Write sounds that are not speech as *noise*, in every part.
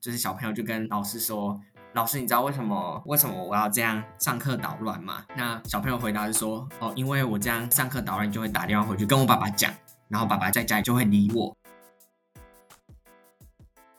就是小朋友就跟老師說：“老師，你知道為什麼為什麼我要這樣上課搗亂嗎？”那小朋友回答是說：“哦，因為我這樣上課搗亂，就會打電話回去跟我爸爸講，然後爸爸在家裡就會理我。”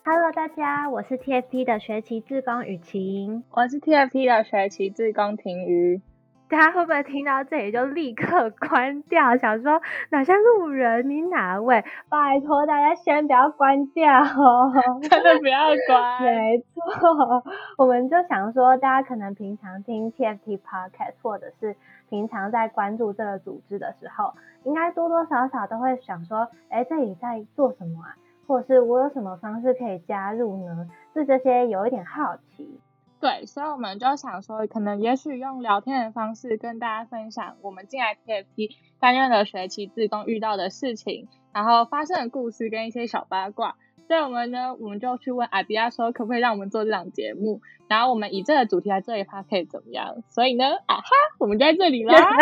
Hello，大家，我是 TFT 的學期志工予晴，我是 TFT 的學期志工廷妤。大家會不會聽到這裡就立刻關掉？想說哪像路人，你哪位？拜託大家先不要關掉哦， *laughs* 真的不要關。沒錯，我們就想說，大家可能平常聽 TFT Podcast，或者是平常在關注這個組織的時候，應該多多少少都會想說：哎、欸，這裡在做什麼啊？或者是我有什麼方式可以加入呢？對這些有一點好奇。對，所以我們就想說，可能也許用聊天的方式跟大家分享我們進來 TFT 擔任的學期志工遇到的事情，然後發生的故事跟一些小八卦。所以我們呢，我們就去問阿比亞說，可不可以讓我們做這檔節目？然後我們以這個主題來做一趴，可以怎麼樣？所以呢，啊哈，我們就在這裡啦。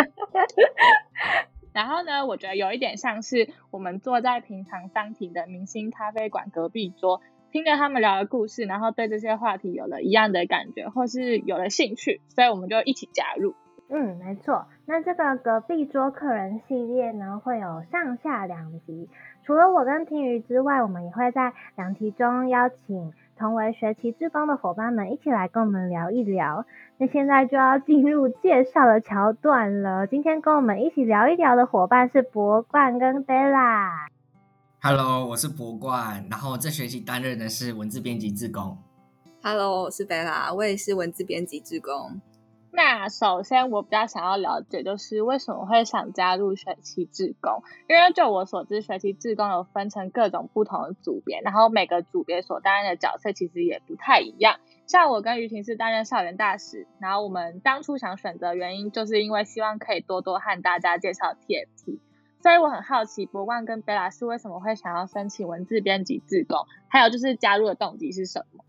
*laughs* 然後呢，我覺得有一點像是我們坐在平常當庭的明星咖啡館隔壁桌。聽着他們聊的故事，然後對這些話題有了一樣的感覺，或是有了興趣，所以我們就一起加入。嗯，沒錯。那這個隔壁桌客人系列呢，會有上下兩集。除了我跟廷妤之外，我們也會在兩集中邀請同為學期志工的伙伴們一起來跟我們聊一聊。那現在就要進入介紹的橋段了。今天跟我們一起聊一聊的伙伴是博冠跟 Bella。Hello，我是博冠，然後這學期擔任的是文字編輯志工。Hello，我是 Bella，我也是文字編輯志工。那首先我比較想要了解，就是為什麼會想加入學期志工？因為就我所知，學期志工有分成各種不同的組別，然後每個組別所擔任的角色其實也不太一樣。像我跟予晴是擔任校園大使，然後我們當初想選擇原因，就是因為希望可以多多和大家介紹 TFT 所以我很好奇，博冠跟貝拉是為什麼會想要申請文字編輯志工，還有就是加入的動機是什麼？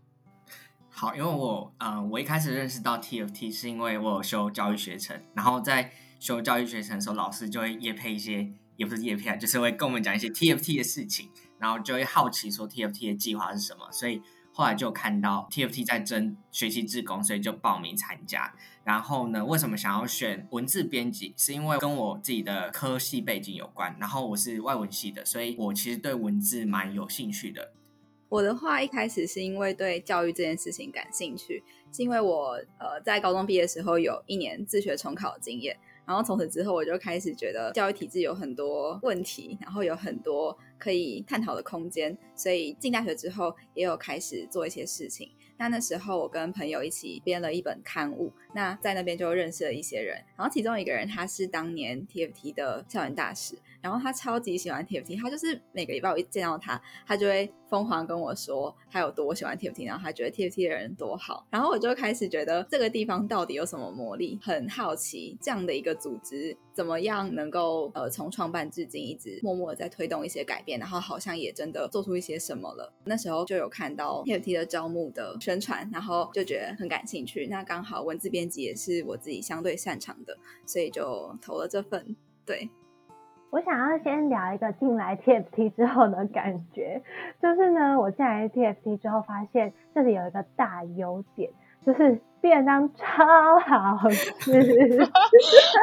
好，因為我、呃，我一開始認識到 TFT 是因為我有修教育學程，然後在修教育學程的時候，老師就會業配一些，也不是業配，就是會跟我們講一些 TFT 的事情，然後就會好奇說 TFT 的計劃是什麼，所以後來就看到 TFT 在徵學期志工，所以就報名參加。然後呢，為什麼想要選文字編輯？是因為跟我自己的科系背景有關。然後我是外文系的，所以我其實對文字蠻有興趣的。我的話一開始是因為對教育這件事情感興趣，是因為我呃在高中畢業的時候有一年自學重考經驗，然後從此之後我就開始覺得教育體制有很多問題，然後有很多，可以探討的空間，所以進大學之後也有開始做一些事情。那那時候我跟朋友一起編了一本刊物，那在那邊就認識了一些人。然後其中一個人他是當年 TFT 的校園大使，然後他超級喜歡 TFT，他就是每個禮拜我一見到他，他就會瘋狂跟我說他有多喜歡 TFT，然後他覺得 TFT 的人多好。然後我就開始覺得這個地方到底有什麼魔力，很好奇這樣的一個組織。怎麼樣能夠呃從創辦至今一直默默在推動一些改變，然後好像也真的做出一些什麼了？那時候就有看到 TFT 的招募的宣傳，然後就覺得很感興趣。那剛好文字編輯也是我自己相對擅長的，所以就投了這份。對，我想要先聊一個進來 TFT 之後的感覺，就是呢，我進來 TFT 之後發現這裡有一個大優點。就是便當超好吃，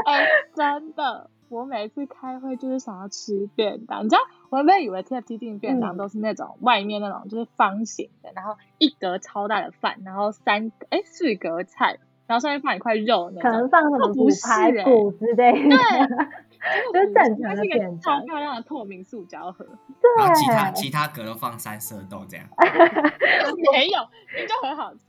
哎、 *laughs* 嗯，真的，我每次開會就是想要吃便當。你知道，我原本以為 T F T D 的便當都是那種外面那種就是方形的，嗯、然後一格超大的飯，然後三哎四、欸、格菜，然後上面放一塊肉，可能放什麼不滷、欸、的滷子的對，就，就是正常的便當，超漂亮的透明塑膠盒，對，其他其他格都放三色豆這樣， *laughs* 沒有，就很好吃。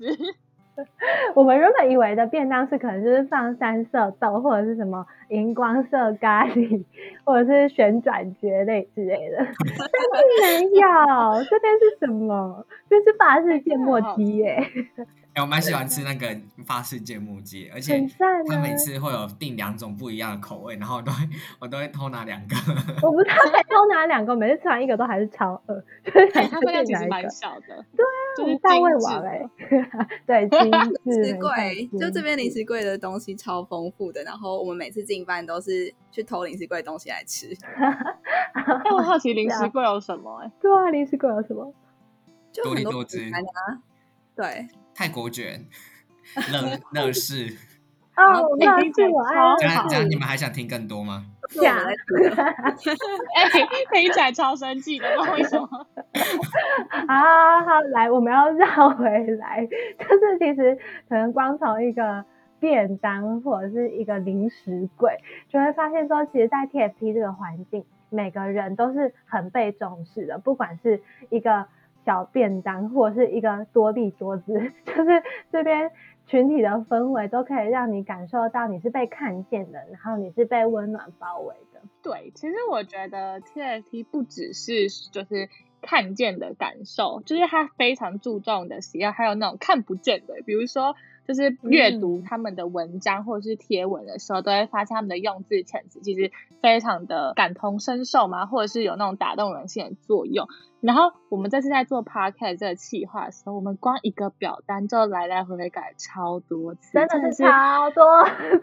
我們原本以為的便當是可能就是放三色豆，或者是什麼熒光色咖喱，或者是旋轉蕨類之類的，但是沒有，這邊是什麼？這、就是法式芥末雞耶？ *laughs* 我蠻喜歡吃那個法式芥末雞，而且他每次會有訂兩種不一樣的口味，然後我都會我都會偷拿兩個。我不是偷拿兩個，每次吃完一個都還是超餓，所以想吃其實蠻小的對啊，就是大胃王哎，對，精緻櫃就這邊零食櫃的東西超豐富的，然後我們每次進班都是去偷零食櫃的東西來吃。哎，我好奇零食櫃有什麼？哎，對啊，零食櫃有什麼？就很多品牌對。泰國卷，冷冷事哦，那真是我愛。講講好，你們還想聽更多嗎？假的，哎，聽 *laughs* 起來 *laughs* 超生氣的，為什麼？啊， *laughs* 好，好，好，好，來，我們要繞回來。就是其實可能光從一個便當或者是一個零食櫃，就會發現說，其實，在、TF、TFT 這個環境，每個人都是很被重視的，不管是一個。小便當或者是一個多利桌子，就是這邊群體的氛圍，都可以讓你感受到你是被看見的，然後你是被溫暖包圍的。對，其實我覺得 TFT 不只是就是看見的感受，就是它非常注重的喜，還有那種看不見的，比如說。就是閱讀他們的文章或者是貼文的時候，嗯、都會發現他們的用字遣詞其實非常的感同身受嘛，或者是有那種打動人心的作用。然後我們這次在做 podcast 這個企劃的時候，我們光一個表單就來來回回改超多次，真的是超多，就是、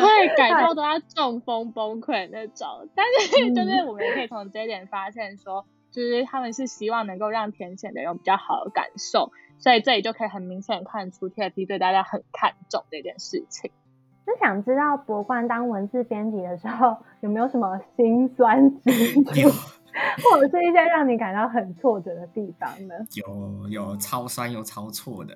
對，改到都要中風崩潰那種。但是就是我們也可以從這一點發現說，說就是他們是希望能夠讓填寫的人有比較好的感受。所以這裡就可以很明顯看出 TFT 對大家很看重這件事情。就想知道博冠當文字編輯的時候有沒有什麼辛酸之處？或者是一些讓你感到很挫折的地方呢？有，有超酸又超挫的。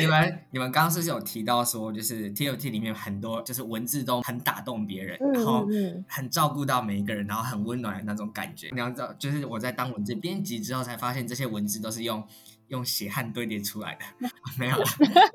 你們你們剛剛是不是有提到說，就是 TFT 裡面很多就是文字都很打動別人，嗯嗯，然後很照顧到每一個人，然後很溫暖的那種感覺。你要知道，就是我在當文字編輯之後，才發現這些文字都是用。用血汗堆疊出來的，沒有了。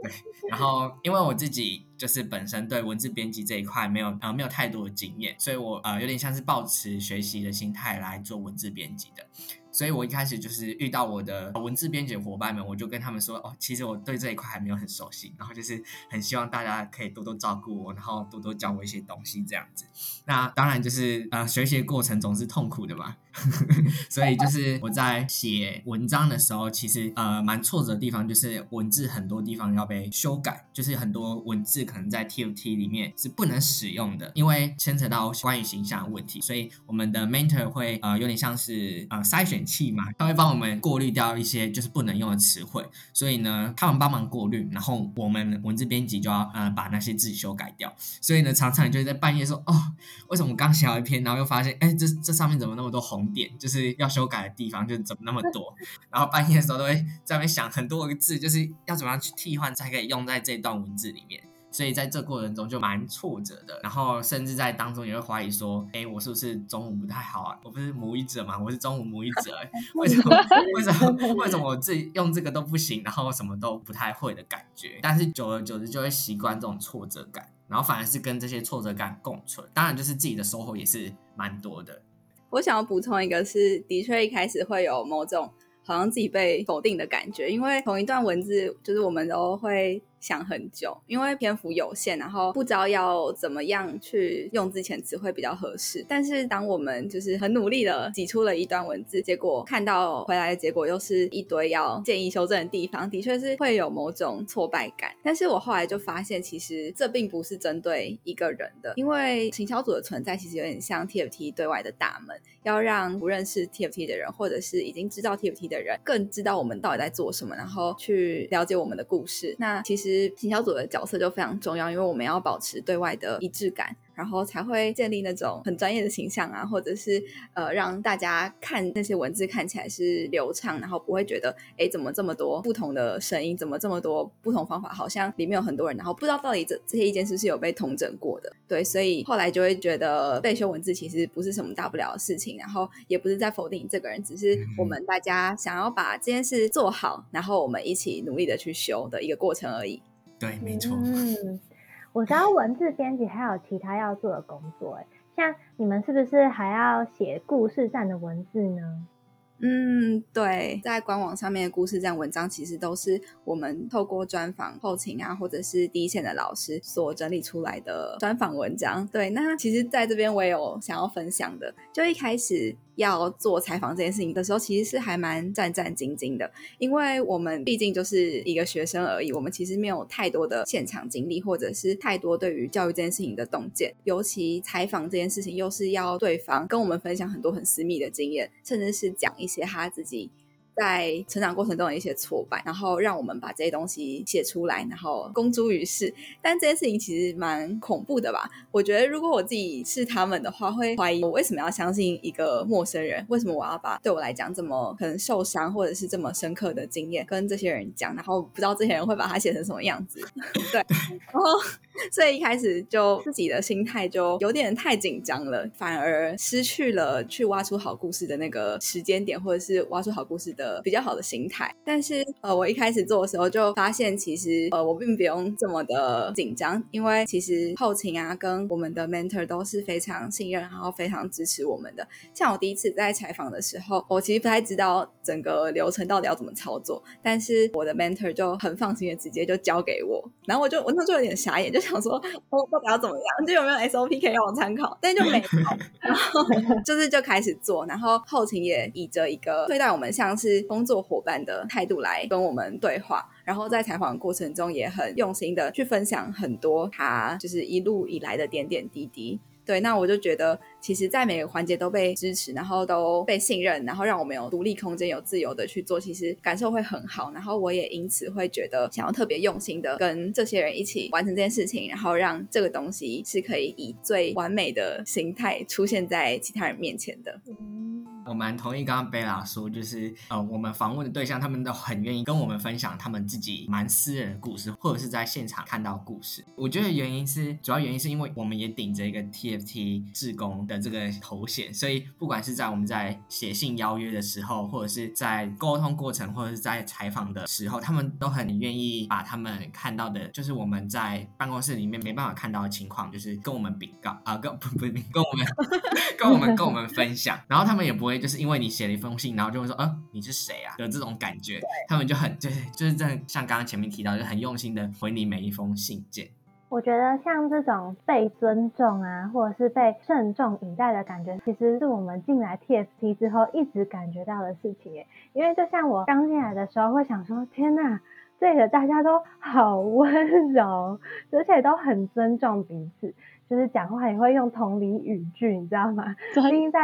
對，然後因為我自己就是本身對文字編輯這一塊沒有呃沒有太多的經驗，所以我，呃，有點像是抱持學習的心態來做文字編輯的。所以我一開始就是遇到我的文字編輯的夥伴們，我就跟他們說哦，其實我對這一塊還沒有很熟悉，然後就是很希望大家可以多多照顧我，然後多多教我一些東西這樣子。那當然就是啊，呃，學習的過程總是痛苦的嘛。 *laughs* 所以就是我在寫文章的時候，其實呃蠻挫折的地方就是文字很多地方要被修改，就是很多文字可能在 TFT 裡面是不能使用的，因為牽扯到關於形象的問題。所以我們的 mentor 會呃有點像是呃篩選器嘛，他會幫我們過濾掉一些就是不能用的詞彙。所以呢，他們幫忙過濾，然後我們文字編輯就要呃把那些字修改掉。所以呢，常常就在半夜說哦，為什麼我剛寫好一篇，然後又發現哎這這上面怎麼那麼多紅？點就是要修改的地方就怎麼那麼多，然後半夜的時候都會在外面想很多個字，就是要怎麼樣去替換才可以用在這段文字裡面，所以在這過程中就蠻挫折的。然後甚至在當中也會懷疑說，哎、欸，我是不是中文不太好啊？我不是母語者嗎？我是中文母語者、欸，為什麼？為什麼？為什麼我自己用這個都不行？然後什麼都不太會的感覺。但是久而久之就會習慣這種挫折感，然後反而是跟這些挫折感共存。當然，就是自己的收穫也是蠻多的。我想要補充一個是，是的確一開始會有某種好像自己被否定的感覺，因為同一段文字，就是我們都會。想很久，因為篇幅有限，然後不知道要怎麼樣去用之前詞彙比較合適。但是當我們就是很努力的擠出了一段文字，結果看到回來的結果又是一堆要建議修正的地方，的確是會有某種挫敗感。但是我後來就發現，其實這並不是針對一個人的，因為行銷組的存在其實有點像 TFT 對外的大門，要讓不認識 TFT 的人，或者是已經知道 TFT 的人，更知道我們到底在做什麼，然後去了解我們的故事。那其實。其實，行銷組的角色就非常重要，因為我們要保持對外的一致感。然後才會建立那種很專業的形象啊，或者是呃讓大家看那些文字看起來是流暢，然後不會覺得哎，怎麼這麼多不同的聲音，怎麼這麼多不同方法，好像裡面有很多人，然後不知道到底這這些意見是不是有被統整過的，對，所以後來就會覺得被修文字其實不是什麼大不了的事情，然後也不是在否定這個人，只是我們大家想要把這件事做好，然後我們一起努力的去修的一個過程而已。對，沒錯。嗯。我知道文字編輯還有其他要做的工作，欸，像你們是不是還要寫故事站的文字呢？嗯，對，在官網上面的故事站文章其實都是我們透過專訪、後勤啊，或者是第一線的老師所整理出來的專訪文章。對，那其實在這邊我也有想要分享的，就一開始。要做採訪這件事情的時候，其實是還蠻戰戰兢兢的，因為我們畢竟就是一個學生而已，我們其實沒有太多的現場經歷，或者是太多對於教育這件事情的洞見。尤其採訪這件事情，又是要對方跟我們分享很多很私密的經驗，甚至是講一些他自己，在成長過程中有一些挫敗，然後讓我們把這些東西寫出來，然後公諸於世。但這件事情其實蠻恐怖的吧？我覺得如果我自己是他們的話，會懷疑我為什麼要相信一個陌生人，為什麼我要把對我來講這麼可能受傷或者是這麼深刻的經驗跟這些人講，然後不知道這些人會把它寫成什麼樣子。 *laughs* *laughs* 對，然後所以一開始就自己的心態就有點太緊張了，反而失去了去挖出好故事的那個時間點，或者是挖出好故事的。比較好的心態，但是呃，我一開始做的時候就發現，其實呃，我並不用這麼的緊張，因為其實後勤啊，跟我們的 mentor 都是非常信任，然後非常支持我們的。像我第一次在採訪的時候，我其實不太知道整個流程到底要怎麼操作，但是我的 mentor 就很放心的直接就交給我，然後我就我那時候就有點傻眼，就想說我、哦、到底要怎麼樣？就有沒有 SOP 可以讓我參考？但就沒有， *laughs* 然後就是就開始做，然後後勤也以着一個對待我們，像是。工作夥伴的態度來跟我們對話，然後在採訪過程中也很用心的去分享很多他就是一路以來的點點滴滴。對，那我就覺得，其實，在每個環節都被支持，然後都被信任，然後讓我們有獨立空間、有自由的去做，其實感受會很好。然後我也因此會覺得，想要特別用心的跟這些人一起完成這件事情，然後讓這個東西是可以以最完美的形態出現在其他人面前的。嗯。我蠻同意剛剛貝拉說，就是呃，我們訪問的對象，他們都很願意跟我們分享他們自己蠻私人的故事，或者是在現場看到故事。我覺得原因是主要原因是因為我們也頂着一個 TFT 志工的這個頭銜，所以不管是在我們在寫信邀約的時候，或者是在溝通過程，或者是在採訪的時候，他們都很願意把他們看到的，就是我們在辦公室裡面沒辦法看到的情況，就是跟我們稟告啊，跟不不，不跟我們 *laughs* *laughs* 跟我們跟我們分享，然後他們也不會。就是因為你寫了一封信，然後就會說，嗯、啊，你是誰啊？有這種感覺，對他們就很就是就是像剛剛前面提到，就很用心的回你每一封信件。我覺得像這種被尊重啊，或者是被慎重以待的感覺，其實是我們進來 TFT 之後一直感覺到的事情。哎，因為就像我剛進來的時候，會想說，天哪，這個大家都好溫柔，而且都很尊重彼此，就是講話也會用同理語句，你知道嗎？所以的在。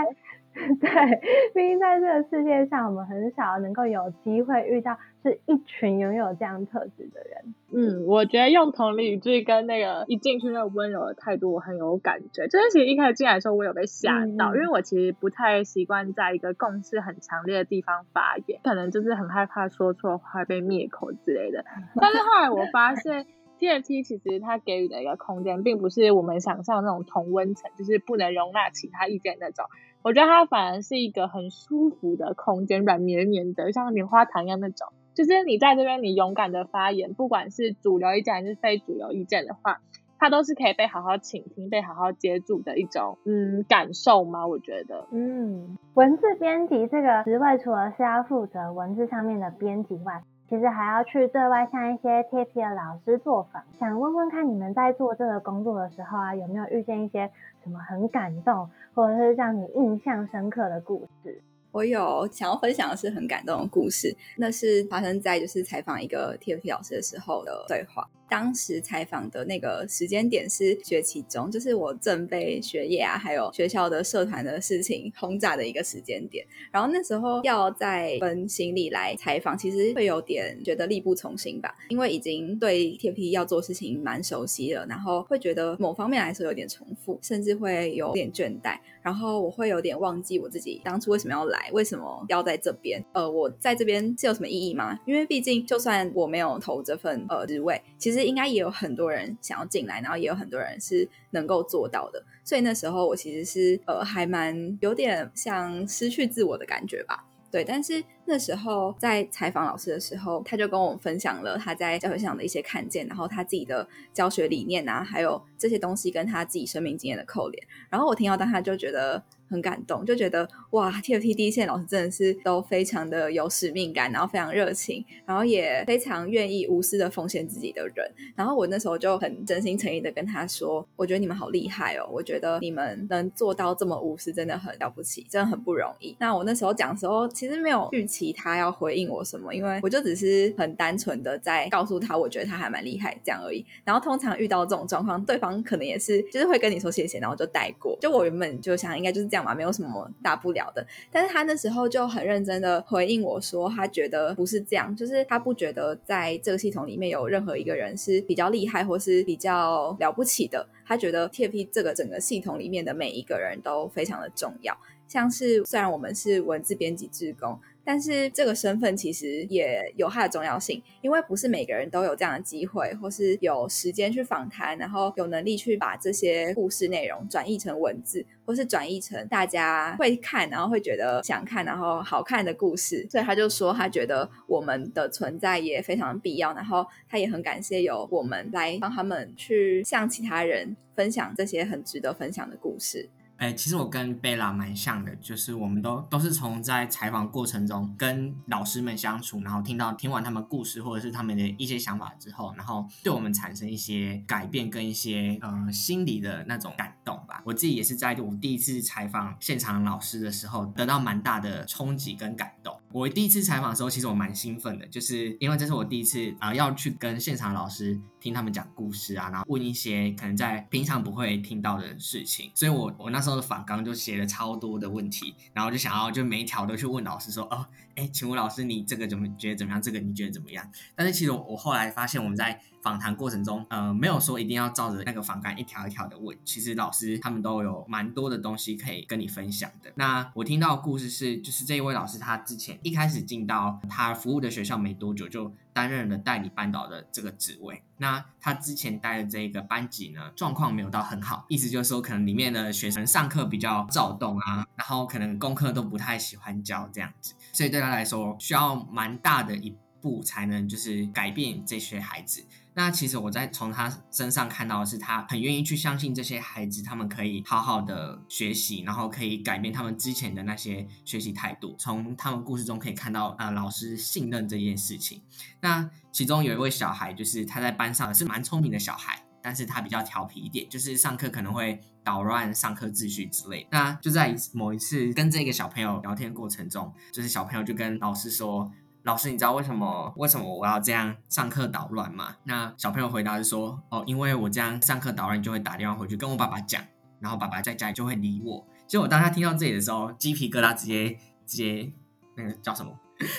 *laughs* 對，畢竟在這個世界上，我們很少能夠有機會遇到是一群擁有這樣特質的人。嗯，我覺得用同理句跟那個一進去那種溫柔的態度，我很有感覺。真的，其實一開始進來的時候，我有被嚇到，嗯、因為我其實不太習慣在一個共識很強烈的地方發言，可能就是很害怕說錯話被滅口之類的。但是後來我發現 TFT *laughs* 其實它給予的一個空間，並不是我們想象那種同溫層，就是不能容納其他意見那種。我覺得它反而是一個很舒服的空間，軟綿綿的，像棉花糖一樣那種。就是你在這邊，你勇敢的發言，不管是主流意見還是非主流意見的話，它都是可以被好好傾聽、被好好接住的一種，嗯，感受嗎？我覺得，嗯，文字編輯這個職位除了是要負責文字上面的編輯外，其實還要去對外向一些 TFT 的老師做訪，想問問看你們在做這個工作的時候啊，有沒有遇見一些什麼很感動或者是讓你印象深刻的故事？我有想要分享的是很感動的故事，那是發生在就是採訪一個 TFT 老師的時候的對話。當時採訪的那個時間點是學期中，就是我正被學業啊，還有學校的社團的事情轟炸的一個時間點。然後那時候要再分心力來採訪，其實會有點覺得力不從心吧，因為已經對 TFT 要做事情蠻熟悉了，然後會覺得某方面來說有點重複，甚至會有點倦怠。然後我會有點忘記我自己當初為什麼要來，為什麼要在這邊？呃，我在這邊是有什麼意義嗎？因為畢竟就算我沒有投這份呃職位，其實。應該也有很多人想要進來，然後也有很多人是能夠做到的。所以那時候我其實是呃，還蠻有點像失去自我的感覺吧。對，但是那時候在採訪老師的時候，他就跟我分享了他在教學上的一些看見，然後他自己的教學理念啊，還有這些東西跟他自己生命經驗的扣連。然後我聽到，當他就覺得。很感動，就覺得哇，TFT 第一線老師真的是都非常的有使命感，然後非常熱情，然後也非常願意無私的奉獻自己的人。然後我那時候就很真心誠意的跟他說，我覺得你們好厲害哦，我覺得你們能做到這麼無私，真的很了不起，真的很不容易。那我那時候講的時候，其實沒有預期他要回應我什麼，因為我就只是很單純的在告訴他，我覺得他還蠻厲害這樣而已。然後通常遇到這種狀況，對方可能也是就是會跟你說謝謝，然後就帶過。就我原本就想應該就是這樣。嘛，沒有什麼大不了的。但是他那時候就很認真的回應我說，他覺得不是這樣，就是他不覺得在這個系統裡面有任何一個人是比較厲害或是比較了不起的。他覺得 TFT 這個整個系統裡面的每一個人都非常的重要。像是雖然我們是文字編輯志工。但是這個身份其實也有它的重要性，因為不是每個人都有這樣的機會，或是有時間去訪談，然後有能力去把這些故事內容轉譯成文字，或是轉譯成大家會看，然後會覺得想看，然後好看的故事。所以他就說，他覺得我們的存在也非常的必要，然後他也很感謝有我們來幫他們去向其他人分享這些很值得分享的故事。哎、欸，其實我跟貝拉蠻像的，就是我們都都是從在採訪過程中跟老師們相處，然後聽到聽完他們故事或者是他們的一些想法之後，然後對我們產生一些改變跟一些嗯、呃、心理的那種感動吧。我自己也是在我第一次採訪現場老師的時候，得到蠻大的衝擊跟感動。我第一次採訪的時候，其實我蠻興奮的，就是因為這是我第一次啊、呃、要去跟現場老師聽他們講故事啊，然後問一些可能在平常不會聽到的事情，所以我我那時候的訪綱就寫了超多的問題，然後就想要就每一條都去問老師說哦。哎，請問老師，你這個怎麼覺得怎麼樣？這個你覺得怎麼樣？但是其實我，我後來發現，我們在訪談過程中，呃，沒有說一定要照着那個訪綱一條一條的問。其實老師他們都有蠻多的東西可以跟你分享的。那我聽到的故事是，就是這一位老師他之前一開始進到他服務的學校沒多久就。擔任的代理班導的這個職位，那他之前帶的這個班級呢，狀況沒有到很好，意思就是說可能裡面的學生上課比較躁動啊，然後可能功課都不太喜歡教這樣子，所以對他來說需要蠻大的一步才能就是改變這些孩子。那其實我在從他身上看到的是，他很願意去相信這些孩子，他們可以好好的學習，然後可以改變他們之前的那些學習態度。從他們故事中可以看到，呃，老師信任這件事情。那其中有一位小孩，就是他在班上是蠻聰明的小孩，但是他比較調皮一點，就是上課可能會搗亂上課秩序之類。那就在某一次跟這個小朋友聊天過程中，就是小朋友就跟老師說，老師，你知道為什麼為什麼我要這樣上課搗亂嗎？那小朋友回答是說，哦，因為我這樣上課搗亂，就會打電話回去跟我爸爸講，然後爸爸在家裡就會理我。所以我當他聽到這裡的時候，雞皮疙瘩直接直接那個叫什麼，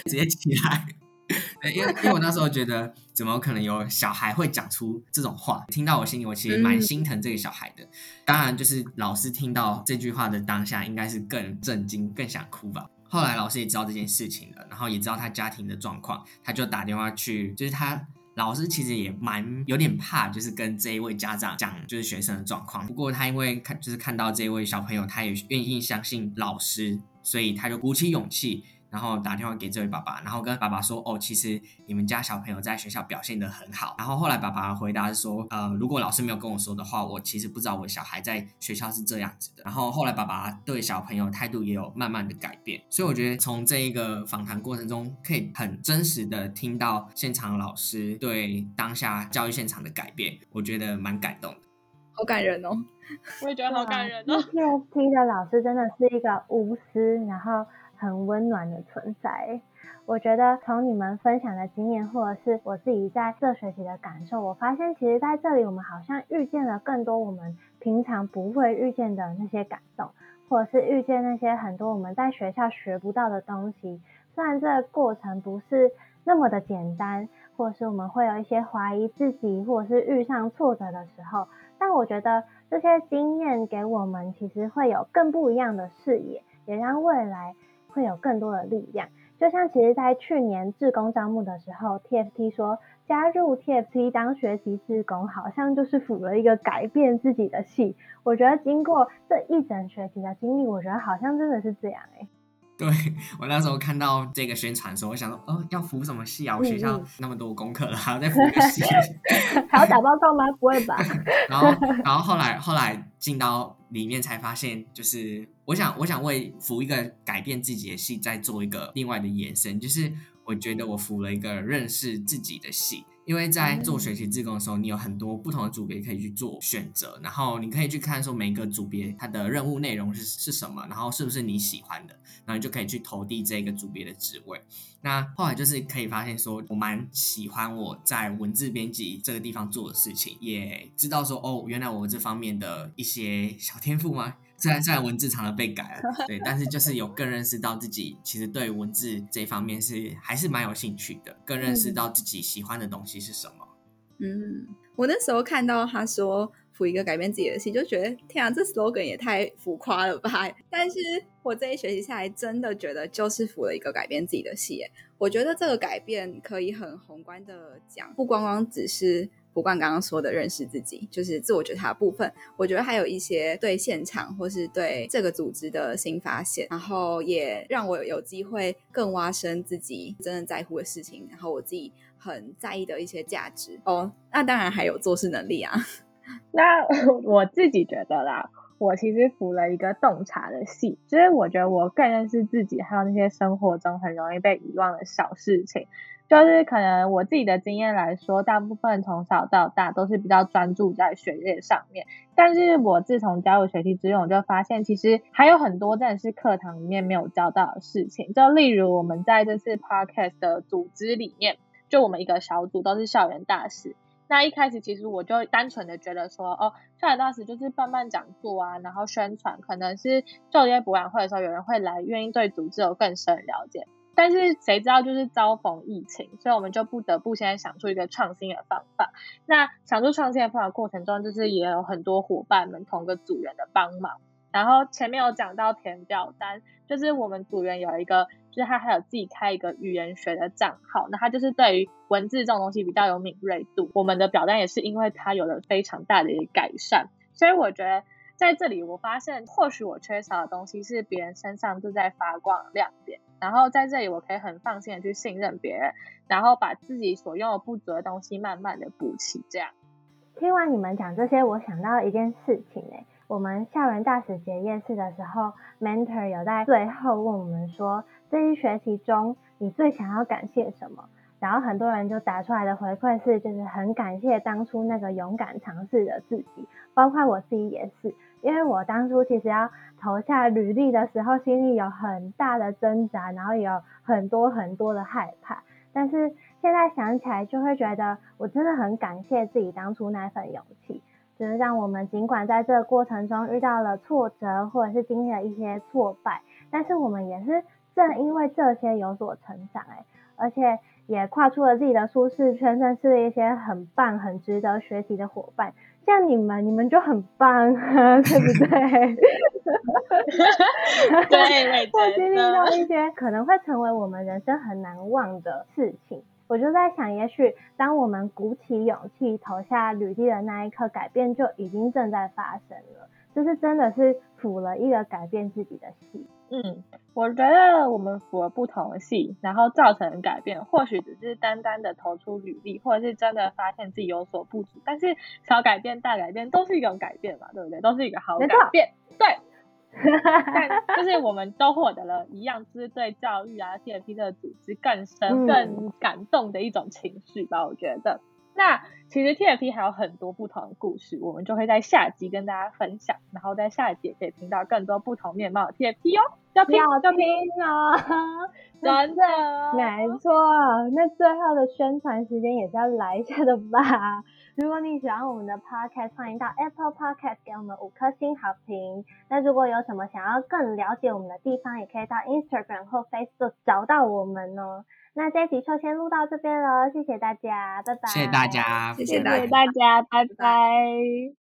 直接起來。對，因為因為我那時候覺得，怎麼可能有小孩會講出這種話？聽到我心裡，我其實蠻心疼這個小孩的。嗯、當然，就是老師聽到這句話的當下，應該是更震驚、更想哭吧。後來老師也知道這件事情了，然後也知道他家庭的狀況，他就打電話去，就是他老師其實也蠻有點怕，就是跟這一位家長講，就是學生的狀況。不過他因為看，就是看到這一位小朋友，他也願意相信老師，所以他就鼓起勇氣。然後打電話給這位爸爸，然後跟爸爸說：“哦，其實你們家小朋友在學校表現得很好。”然後後來爸爸回答說：“呃，如果老師沒有跟我說的話，我其實不知道我小孩在學校是這樣子的。”然後後來爸爸對小朋友態度也有慢慢的改變。所以我覺得從這一個訪談過程中，可以很真實的聽到現場老師對當下教育現場的改變，我覺得蠻感動的。好感人哦！ *laughs* 我也覺得好感人哦。因為聽的老師真的是一個無私，然後。很溫暖的存在。我覺得從你們分享的經驗，或者是我自己在這學期的感受，我發現其實在這裡我們好像遇見了更多我們平常不會遇見的那些感動，或者是遇見那些很多我們在學校學不到的東西。雖然這個過程不是那麼的簡單，或者是我們會有一些懷疑自己，或者是遇上挫折的時候，但我覺得這些經驗給我們其實會有更不一樣的視野，也讓未來。會有更多的力量，就像其實在去年志工招募的時候，TFT 說加入 TFT 當學期志工，好像就是輔了一個改變自己的系。我覺得經過這一整學期的經歷，我覺得好像真的是這樣哎、欸。對我那時候看到這個宣傳的時候，我想說哦，要輔什麼系啊？我學校那麼多功課了，還要、嗯、再輔個系？還要 *laughs* 打報告嗎？不會吧？然後，然後後來後來進到裡面才發現，就是我想，我想為輔一個改變自己的系，再做一個另外的延伸，就是我覺得我輔了一個認識自己的系。因為在做學期志工的時候，你有很多不同的組別可以去做選擇，然後你可以去看說每個組別它的任務內容是是什麼，然後是不是你喜歡的，然後你就可以去投遞這個組別的職位。那後來就是可以發現說，我蠻喜歡我在文字編輯這個地方做的事情，也知道說哦，原來我這方面的一些小天賦嗎雖然在文字常常被改了，對，但是就是有更認識到自己其實對文字這方面是還是蠻有興趣的，更認識到自己喜歡的東西是什麼。嗯，我那時候看到他說輔一個改變自己的系，就覺得天啊，這 slogan 也太浮誇了吧！但是我這一學期下來，真的覺得就是輔了一個改變自己的系耶。我覺得這個改變可以很宏觀的講，不光光只是。不管剛剛說的認識自己，就是自我覺察的部分，我覺得還有一些對現場或是對這個組織的新發現，然後也讓我有機會更挖深自己真的在乎的事情，然後我自己很在意的一些價值哦。Oh, 那當然還有做事能力啊。那我自己覺得啦，我其實輔了一個洞察的系，所以我覺得我更認識自己，還有那些生活中很容易被遺忘的小事情。就是可能我自己的經驗來說，大部分從小到大都是比較專注在學業上面。但是我自從加入學習之後，就發現其實還有很多真的是課堂裡面沒有教到的事情。就例如我們在這次 podcast 的組織裡面，就我們一個小組都是校園大使。那一開始其實我就單純的覺得說，哦，校園大使就是辦辦講座啊，然後宣傳，可能是做一些博覽會的時候，有人會來，願意對組織有更深的了解。但是誰知道就是遭逢疫情，所以我們就不得不現在想出一個創新的方法。那想出創新的方法的過程中，就是也有很多夥伴們、同個組員的幫忙。然後前面有講到填表單，就是我們組員有一個，就是他還有自己開一個語言學的賬號，那他就是對於文字這種東西比較有敏銳度。我們的表單也是因為他有了非常大的一個改善，所以我覺得。在這裡，我發現或許我缺少的東西是別人身上正在發光亮點。然後在這裡，我可以很放心的去信任別人，然後把自己所用的不足的東西慢慢的補齊。這樣，聽完你們講這些，我想到一件事情，欸，我們校園大使節夜市的時候，mentor 有在最後問我們說，這一學期中你最想要感謝什麼？然後很多人就打出來的回饋是，就是很感謝當初那個勇敢嘗試的自己，包括我自己也是。因為我當初其實要投下履歷的時候，心裡有很大的掙扎，然後也有很多很多的害怕。但是現在想起來，就會覺得我真的很感謝自己當初那份勇氣，真、就、的、是、讓我們儘管在這個過程中遇到了挫折，或者是經歷了一些挫敗，但是我們也是正因為這些有所成長、欸、而且也跨出了自己的舒適圈，真是一些很棒、很值得學習的夥伴。像你們，你們就很棒啊，對不對？ *laughs* 對，會經歷到一些可能會成為我們人生很難忘的事情，我就在想，也許當我們鼓起勇氣投下履歷的那一刻，改變就已經正在發生了，就是真的是輔了一個改變自己的系。嗯，我覺得我們輔了不同的系，然後造成改變，或許只是單單的投出履歷，或者是真的發現自己有所不足，但是小改變、大改變，都是一種改變嘛，對不對？都是一個好改變，沒錯。對。 *laughs* 但就是我們都獲得了，一樣是，是對教育啊、TFT 的組織更深、更感動的一種情緒吧，嗯、我覺得。那其實 TFT 還有很多不同的故事，我們就會在下集跟大家分享，然後在下一集也可以聽到更多不同面貌的 TFT 哦，要，拼要聽哦，真的拼是沒錯。那最後的宣傳時間也是要來一下的吧？ *laughs* 如果你喜歡我們的 Podcast，歡迎到 Apple Podcast 給我們五顆星好評。那如果有什麼想要更了解我們的地方，也可以到 Instagram 或 Facebook 找到我們哦。那這一集就先錄到這邊了，謝謝大家，拜拜。謝謝大家，謝謝大家，拜拜。